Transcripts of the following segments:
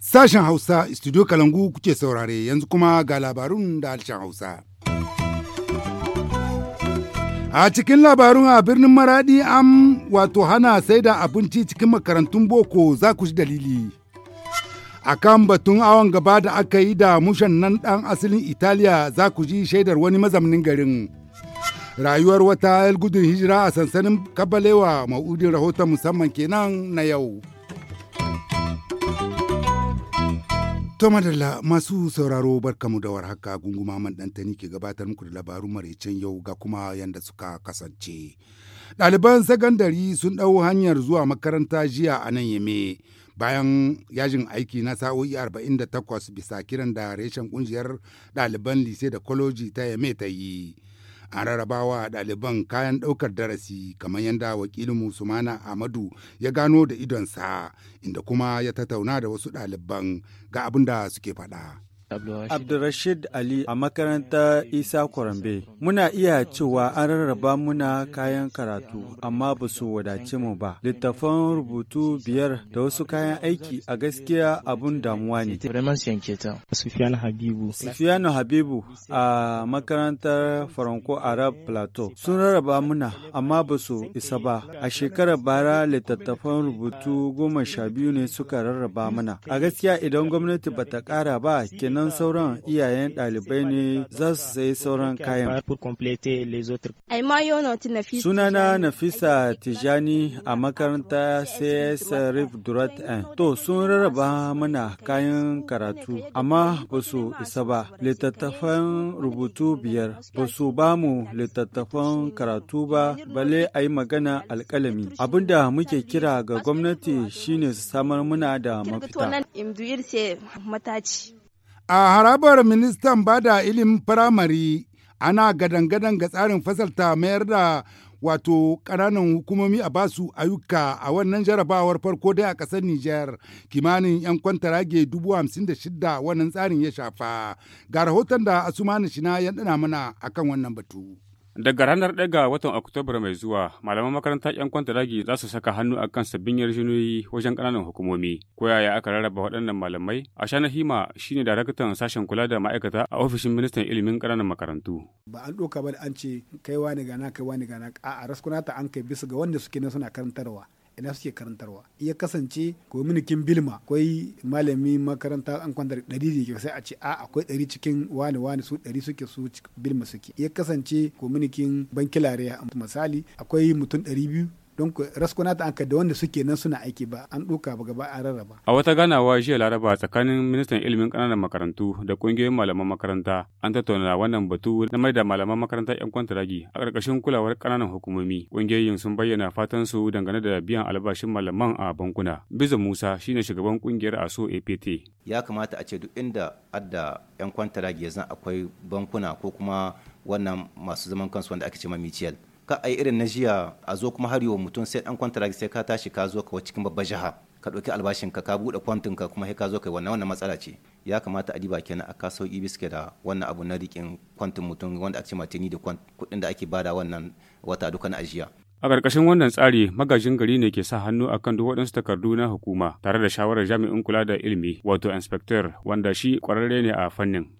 Sashen Hausa studio Kalangu kuke saurare yanzu kuma ga labarun da harshen Hausa. A cikin labarun a birnin Maradi an wato hana sai da abinci cikin makarantun boko za ku ji dalili. a kan batun awon gaba da aka yi da mushan nan ɗan asalin italiya za ku ji shaidar wani mazamnin garin rayuwar wata yal gudun hijira a sansanin kabalewa ma'udin rahoton musamman kenan na yau madalla masu sauraro barkamu da warhaka gunguma man ɗantani ke gabatar muku da labarun maraicen yau ga kuma yanda suka kasance ɗaliban sakandare sun ɗau hanyar zuwa makaranta jiya a nan yame bayan yajin aiki na sa'o'i 48 bisa kiran da reshen kungiyar ɗaliban lise da koloji ta yame ta yi an rarrabawa ɗaliban kayan ɗaukar darasi kamar yadda wakilin musumana amadu ya gano da idonsa inda kuma ya tattauna da wasu ɗaliban ga abin da suke faɗa. Abdurrashid Ali a makarantar Isa Kwarambe. Muna iya cewa an rarraba muna kayan karatu amma ba su wadace mu ba. Littafan rubutu biyar da wasu kayan aiki a gaskiya abun damuwa ne. Sufiyanu Habibu. Habibu a makarantar Faranko Arab Plateau. Sun rarraba muna amma ba su isa ba. A shekarar bara littattafan rubutu goma sha biyu ne suka rarraba mana. A gaskiya idan gwamnati bata ƙara ba kenan sannan sauran iyayen ɗalibai ne za su sayi sauran kayan. Sunana Nafisa Tijani a makaranta CS Rif Durat To sun rarraba mana kayan karatu amma ba su isa ba. Littattafan rubutu biyar ba su ba mu littattafan karatu ba bale a yi magana alkalami Abin da muke kira ga gwamnati shine su samar muna da mafita. A harabar ministan bada ilimin firamare ana gadangadan ga tsarin fasalta mayar da wato ƙananan hukumomi a basu ayyuka a wannan jarabawar farko dai a ƙasar Nijar kimanin 'yan kwantarage dubu hamsin wannan tsarin ya shafa. Ga rahoton da Asumani Shina ya mana akan wannan batu. Daga ranar ga watan Oktoba mai zuwa, malaman makaranta 'yan kwantaragi za su saka hannu a kan sabbin yarjinoyi wajen ƙananan hukumomi. Ko yaya aka rarraba waɗannan malamai? Ashana Hima shine daraktan sashen kula da ma'aikata a ofishin ministan ilimin ƙananan makarantu. Ba an ɗauka ba da an ce kai wani gana kai wani gana a'a raskunata an kai bisa ga wanda suke nan suna karantarwa. ina suke karantarwa iya kasance kominikin bilma akwai malami makaranta an kwanta ɗari ne sai a ce a akwai ɗari cikin wani wani su ɗari suke su bilma suke ya kasance kominikin bankilare misali akwai mutum ɗari biyu don raskuna ta anka da wanda suke nan suna aiki ba an doka ba gaba a rarraba. A wata ganawa jiya Laraba tsakanin ministan ilimin kananan makarantu da ƙungiyoyin malaman makaranta an tattauna wannan batu na mai da malaman makaranta 'yan kwantaragi a ƙarƙashin kulawar kananan hukumomi. Ƙungiyoyin sun bayyana fatan su dangane da biyan albashin malaman a bankuna. Biza Musa shine shugaban kungiyar ASO APT. Ya kamata a ce duk inda adda 'yan kwantaragi ya zan akwai bankuna ko kuma wannan masu zaman kansu wanda ake ce ma ka a irin na jiya a zo kuma har wa mutum sai dan kwantara sai ka tashi ka zo ka cikin babban jiha ka ɗauki albashin ka ka buɗe kwantin ka kuma sai ka zo kai wannan wannan matsala ce ya kamata a diba kenan a kaso sauki biske da wannan abu na rikin kwantin mutum wanda ake matini da kuɗin da ake bada wannan wata duka na ajiya A ƙarƙashin wannan tsari magajin gari ne ke sa hannu akan duk waɗansu takardu na hukuma tare da shawarar jami'in kula da ilimi wato inspector wanda shi ƙwararre ne a fannin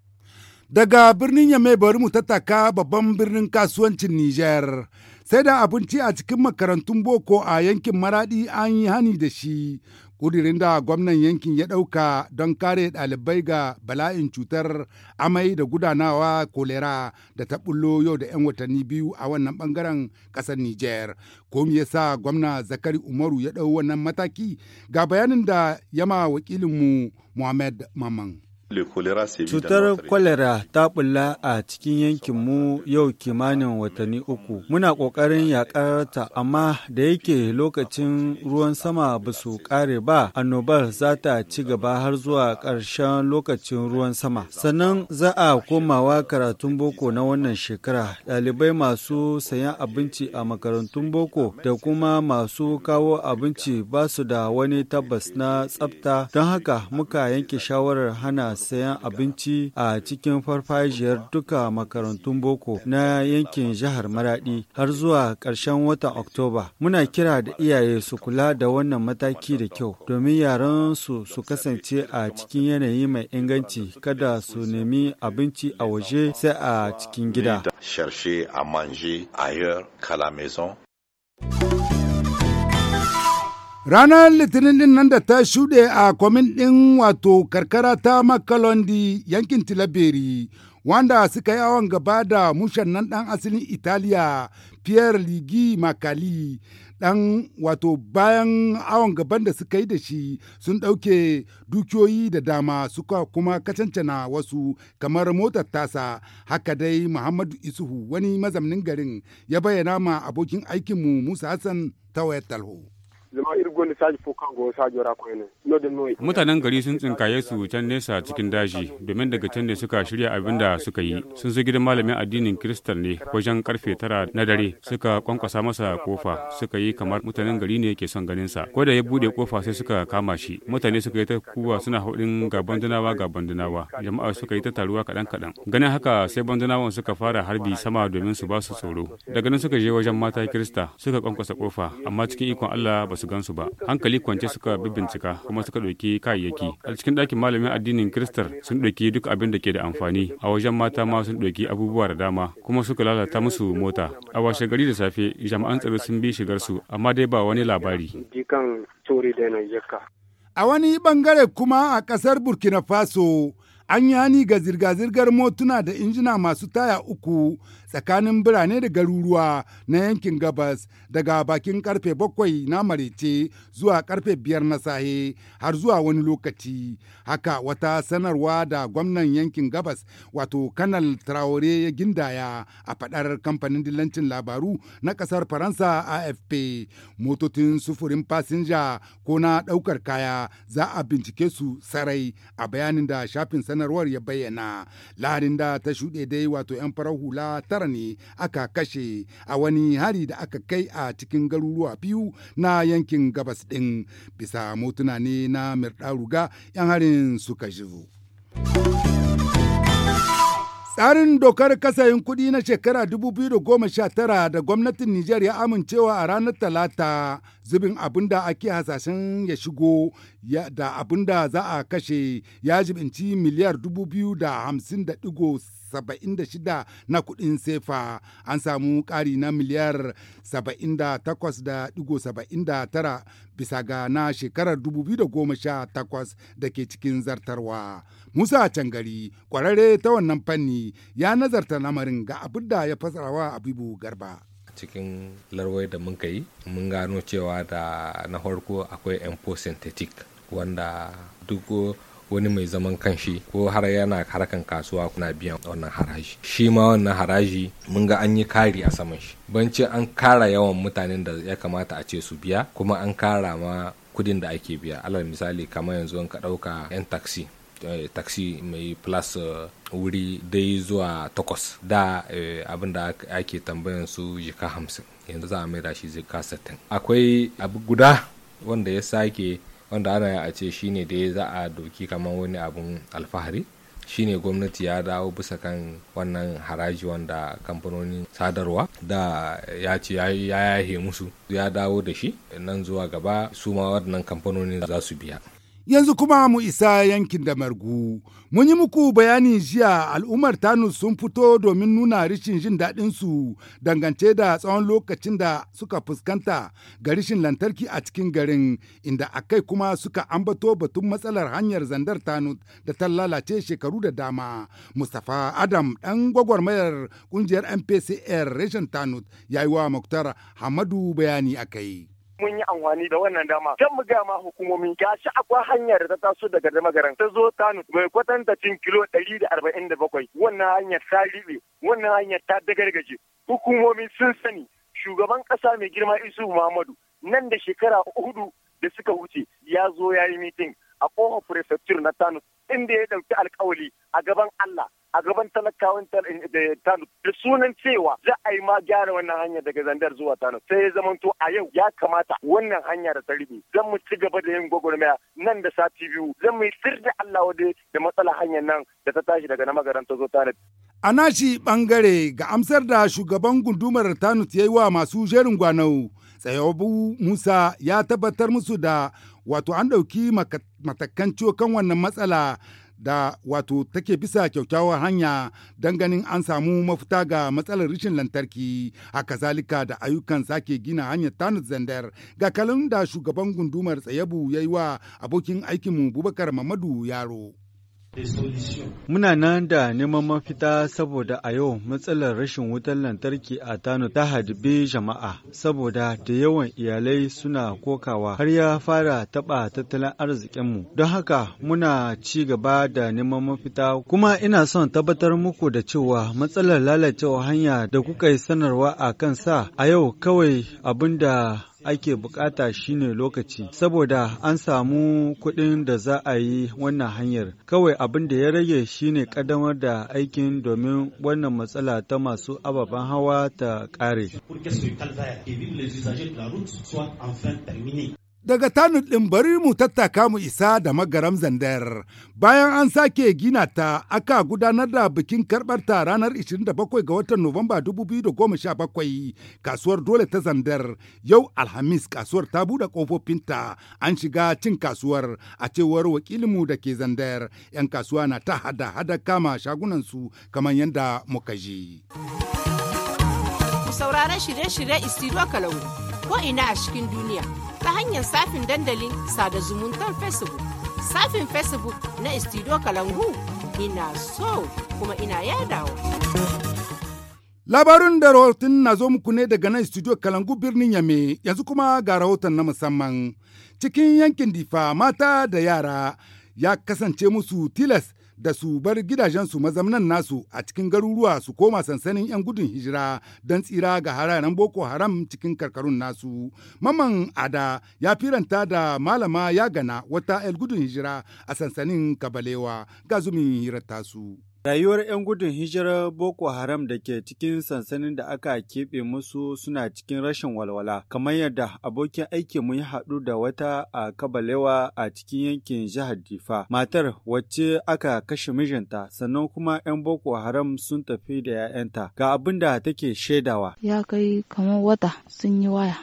Daga birnin Yamai bari mu tattaka babban birnin kasuwancin Nijar. Sai da abinci a cikin makarantun boko a yankin Maradi an yi hani da shi. Kudirin da gwamnan yankin ya ɗauka don kare ɗalibai ga bala'in cutar amai da gudanawa kolera da ta bullo yau da 'yan watanni biyu a wannan ɓangaren ƙasar Nijar. Ko me sa gwamna Zakari Umaru ya ɗau wannan mataki ga bayanin da yama wakilinmu Muhammad Maman. Cutar kwalera ta bulla a cikin yankinmu yau kimanin watanni uku. Muna ƙoƙarin yaƙarta amma da yake lokacin ruwan sama ba su ƙare ba, annobar za ta ci gaba har zuwa ƙarshen lokacin ruwan sama. Sannan za a komawa karatun boko na wannan shekara. Ɗalibai masu sayan abinci a makarantun boko da kuma masu kawo abinci ba su da wani tabbas na tsafta. Don haka muka yanke shawarar hana sayan abinci a cikin farfajiyar duka makarantun boko na yankin jihar Maradi har zuwa ƙarshen watan Oktoba. Muna kira da iyaye su kula da wannan mataki da kyau domin yaran su su kasance a cikin yanayi mai inganci kada su nemi abinci a waje sai a cikin gida. à manger ailleurs Ranar Litinin din nan da ta shuɗe a kwamin ɗin wato karkara ta Makalondi yankin Tilaberi, wanda suka yi awon gaba da mushen nan ɗan asalin Italiya Pierre Ligi Makali, ɗan wato bayan awon gaban da suka yi da shi sun ɗauke dukiyoyi da dama suka kuma kacancana wasu kamar motar tasa haka dai Muhammadu Isuhu wani mazamnin garin ya bayyana ma abokin aikinmu Musa Hassan ta wayar talho. Mutanen gari sun tsinkaye su can nesa cikin daji domin daga can ne suka shirya abin da suka yi. Sun zo gidan malamin addinin Kiristan ne wajen karfe tara na dare suka kwankwasa masa kofa suka yi kamar mutanen gari ne ke son ganin sa. Ko da ya bude kofa sai suka kama shi. Mutane suka yi ta kuwa suna hauɗin ga bandunawa ga bandunawa. Jama'a suka yi ta taruwa kaɗan kaɗan. Ganin haka sai bandunawan suka fara harbi sama domin su ba su tsoro. Daga nan suka je wajen mata Kirista suka kwankwasa kofa amma cikin ikon Allah ba su gan su ba. hankali kwance suka bincika kuma suka ɗauki kayayyaki a cikin ɗakin malamin addinin kristar sun ɗauki duk abin da ke da amfani a wajen mata ma sun ɗauki abubuwa da dama kuma suka lalata musu mota a washe gari da safe jama'an tsaro sun bi shigar su amma dai ba wani labari a wani bangare kuma a ƙasar burkina faso an yani ga zirga-zirgar motuna da injina masu taya uku tsakanin birane da garuruwa na yankin gabas daga bakin karfe bakwai na marece zuwa karfe biyar na sahe har zuwa wani lokaci. Haka wata sanarwa da gwamnan yankin gabas wato Kanal Traore ya gindaya a fadar kamfanin dillancin labaru na kasar Faransa AFP. Motocin sufurin fasinja ko na ɗaukar kaya za a bincike su sarai a bayanin da shafin sanarwar ya bayyana. Laharin da ta shuɗe dai wato 'yan farar hula tara tara ne aka kashe a wani hari da aka kai a cikin garuruwa biyu na yankin gabas ɗin bisa motuna ne na ruga 'yan harin suka shigo. Tsarin dokar kasayin kudi na shekara 2019 da gwamnatin Nijar ya amincewa a ranar Talata zubin abin da ake hasashen ya shigo da abin da za a kashe ya jibinci miliyar 250.6 76 na kuɗin sefa an samu ƙari na miliyar 78.79 bisa ga na shekarar 2018 da ke cikin zartarwa. Musa Cangari ƙwararre ta wannan fanni ya nazarta lamarin ga abin da ya fasarawa Abibu Garba. cikin larwai da mun yi mun gano cewa da na farko akwai empo synthetic wanda duk wani mai zaman kanshi ko har yana harkan kasuwa kuna biyan wannan haraji shi ma wannan haraji mun ga an yi kari a saman shi banci an kara yawan mutanen da ya kamata a ce su biya kuma an kara ma kudin da ake biya alal misali kamar yanzu ka ɗauka 'yan taksi eh, taxi mai plus eh, wuri dai zuwa takwas da eh, abin da ake tambayan su jika hamsin yanzu za a mai da shi jika akwai abu guda wanda ya sake wanda ana a ce shine dai za a doki kamar wani abun alfahari shine gwamnati ya dawo bisa kan wannan haraji wanda kamfanonin sadarwa da ya ce ya yahe musu ya dawo da shi nan zuwa gaba su ma waɗannan kamfanonin za su biya Yanzu kuma mu isa yankin da margu. Mun yi muku bayani jiya al'ummar TANU sun fito domin nuna rishin jin daɗinsu dangance da tsawon lokacin da suka fuskanta ga rishin lantarki a cikin garin inda akai kuma suka ambato batun matsalar hanyar zandar TANU da ta lalace shekaru da dama. Mustapha Adam ɗan gwagwarmayar ƙungiyar MPCR reshen TANU ya yi wa Muktar Hamadu bayani akai. mun yi amfani da wannan dama kan mu gama ma hukumomi shi akwai hanyar da ta taso daga garin. ta zo tanu mai kwatanta cin kilo ɗari da arba'in da bakwai wannan hanyar ta riɓe wannan hanyar ta dagargaje hukumomi sun sani shugaban ƙasa mai girma isu muhammadu nan da shekara hudu da suka wuce ya zo ya yi mitin a kofar prefecture na tanu inda ya ɗauki alkawali a gaban Allah a gaban talakawan Tano da sunan cewa za a yi ma gyara wannan hanya daga Zandar zuwa Tano sai ya zamanto a yau ya kamata wannan hanya da ta ribe zan mu ci gaba da yin gwagwarmaya nan da sati biyu zan mu yi sir da Allah wade da matsalar hanyar nan da ta tashi daga na ta zo Tano. A nashi bangare ga amsar da shugaban gundumar Tano ya yi wa masu jerin gwanau Tsayobu Musa ya tabbatar musu da wato an ɗauki matakan kan wannan matsala da wato take bisa kyaukyawar hanya don ganin an samu mafita ga matsalar rashin lantarki a kazalika da ayyukan sake gina hanyar tanut zandar ga kalin da shugaban gundumar tsayabu ya yi wa abokin aikinmu bubakar mamadu yaro. Muna nan da neman mafita saboda a yau matsalar rashin wutar lantarki a Tano ta hadibi jama'a saboda da yawan iyalai suna kokawa har ya fara taɓa tattalin arzikinmu. Don haka muna ci gaba da neman mafita kuma ina son tabbatar muku da cewa matsalar lalacewa hanya da kuka yi sanarwa a kan sa a yau kawai abin da ake bukata shine lokaci, saboda an samu kuɗin da za a yi wannan hanyar. Kawai abin da ya rage shine ƙaddamar da aikin domin wannan matsala ta masu ababen hawa ta ƙare. Daga tanu ɗin bari mu tattaka mu isa da magaram zandar. Bayan an sake gina ta aka gudanar da bikin karɓar ta ranar 27 ga watan Nuwamba 2017 kasuwar dole ta zandar. Yau Alhamis kasuwar ta buɗe ƙofofinta an shiga cin kasuwar a cewar wakilinmu da ke zandar. 'Yan kasuwa na ta hada hada kama shagunansu kamar yadda muka ji. Sauraron shirye-shirye Istiro Kalangu. ko'ina a cikin duniya ta hanyar safin dandalin sada zumuntar facebook safin facebook na istido kalangu ina so kuma ina yadawa labarun da rahoton na zo muku ne daga nan studio kalangu birnin yame yanzu kuma ga rahoton na musamman cikin yankin difa mata da yara ya kasance musu tilas da su bar gidajensu mazamnan nasu a cikin garuruwa su koma sansanin 'yan gudun hijira don tsira ga hararen Boko Haram cikin karkarun nasu. Maman Ada ya firanta da malama ya gana wata 'yan gudun hijira a sansanin Kabalewa ga zumin hirar tasu. Rayuwar 'yan gudun hijirar Boko Haram da ke cikin sansanin da aka keɓe musu suna cikin rashin walwala, kamar yadda abokin aiki mun yi haɗu da wata a Kabalewa a cikin yankin jihar Difa. Matar wacce aka kashe mijinta, sannan kuma 'yan Boko Haram sun tafi da 'ya'yanta. Ga abin da take shaidawa. Ya kai kamar wata sun yi waya,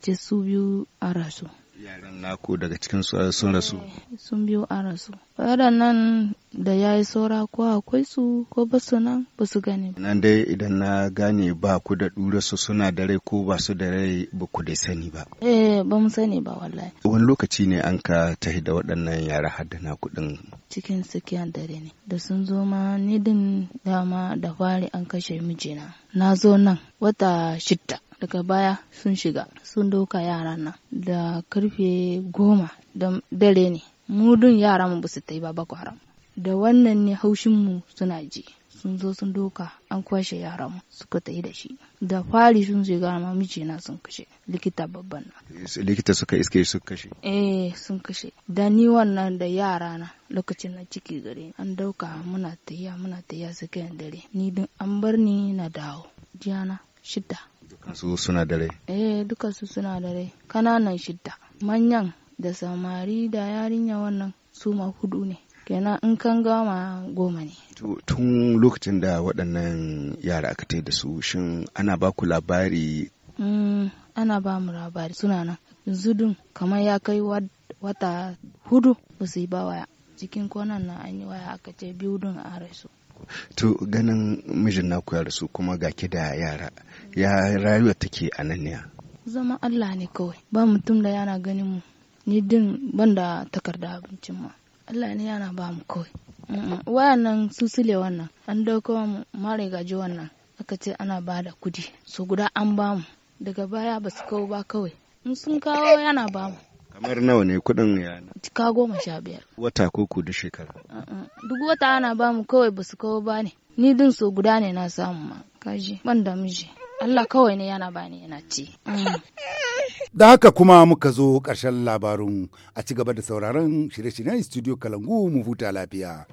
ce su biyu a rasu. yaran nako daga cikin eh, sun rasu eh, sun biyu a rasu waɗannan da ya yi saura ko akwai su ko ba su nan ba su gane nan dai idan na gane ba ku da ɗura su suna da rai ko ba su da rai ba ku da sani ba eh ba mu sani ba wallahi wani lokaci ne an ka tahi da waɗannan yara har da naku cikin tsakiyar dare ne da sun zo ma ni din dama da fari an kashe mijina na zo nan wata shidda daga baya sun shiga sun doka yara na. da karfe goma da dare ne mudun yara mu basu su tai ba bakwara da wannan ne haushin mu suna ji sun zo sun doka an kwashe yaran mu suka yi da shi da fari sun je ga ma na sun kashe likita babban na likita suka iske sun kashe eh sun kashe da ni wannan da yara na lokacin na ciki gare an dauka muna tayya muna tayya suka dare ni din an bar ni na dawo jiyana shida Dukansu suna da rai? Eh, dukansu suna da rai. Kananan shidda. Manyan da samari da yarinya wannan su ma hudu ne. kenan in kan gama goma ne. Tun lokacin da waɗannan yara aka da su shin ana ba ku labari? Mm, ana ba mu labari suna nan. Zudun kamar ya kai wata hudu ba su yi ba waya. Cikin konan na an yi waya aka ce biyu dun a rasu. to ganin mijin naku ya rasu kuma ga da yara ya rayuwa take a nan ne zama Allah ne kawai ba mutum da yana ganin mu ni din ban da takarda abincin ma Allah ne yana ba mu kawai wayannan su sule wannan an dauko mu mare gaji wannan aka ce ana ba da kudi su guda an ba mu daga baya ba su kawo ba kawai in sun kawo yana ba mu kamar nawa ne kuɗin yana cika goma sha biyar wata ko ku shekara duk wata ana ba mu kawai basu kawo ba ne ni din so guda ne na samu ma kaji ban da miji Allah kawai ne yana bani yana ci mm. da haka kuma muka zo karshen labarun a ci gaba da sauraron shirye-shiryen studio kalangu mu huta lafiya